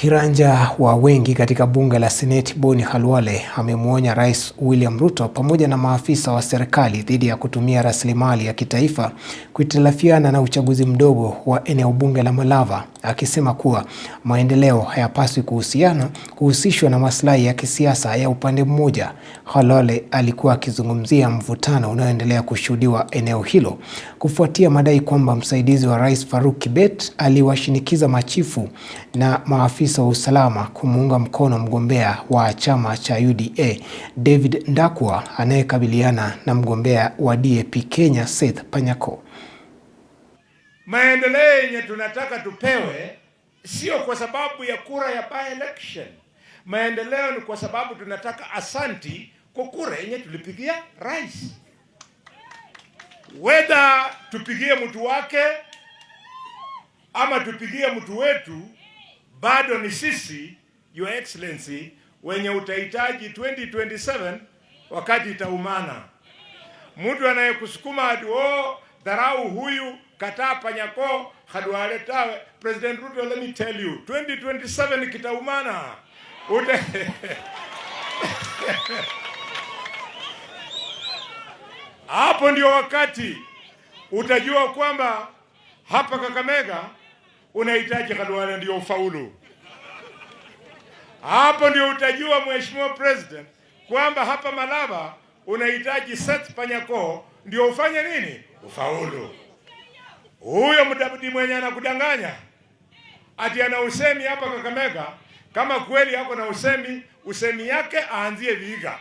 Kiranja wa wengi katika bunge la Seneti Boni Khalwale amemwonya Rais William Ruto pamoja na maafisa wa serikali dhidi ya kutumia rasilimali ya kitaifa kuitilafiana na uchaguzi mdogo wa eneo bunge la Malava, akisema kuwa maendeleo hayapaswi kuhusiana kuhusishwa na maslahi ya kisiasa ya upande mmoja. Khalwale alikuwa akizungumzia mvutano unaoendelea kushuhudiwa eneo hilo kufuatia madai kwamba msaidizi wa Rais Faruk Kibet aliwashinikiza machifu na maafisa maafisa wa usalama kumuunga mkono mgombea wa chama cha UDA David Ndakwa anayekabiliana na mgombea wa DAP Kenya Seth Panyako. Maendeleo yenye tunataka tupewe sio kwa sababu ya kura ya by election. Maendeleo ni kwa sababu tunataka asanti kwa kura yenye tulipigia rais, whether tupigie mtu wake ama tupigie mtu wetu bado ni sisi Your Excellency wenye utahitaji 2027 wakati itaumana. Mtu anayekusukuma oh, dharau huyu kataa panyako hadualetawe. President Ruto, let me tell you 2027 kitaumana ute hapo ndio wakati utajua kwamba hapa Kakamega unahitaji khalwana ndio ufaulu. Hapo ndio utajua Mheshimiwa President kwamba hapa Malaba unahitaji Seth Panyako ndio ufanye nini, ufaulu. Huyo mdabudi mwenye anakudanganya ati ana usemi hapa Kakamega, kama kweli yako na usemi, usemi yake aanzie Vihiga.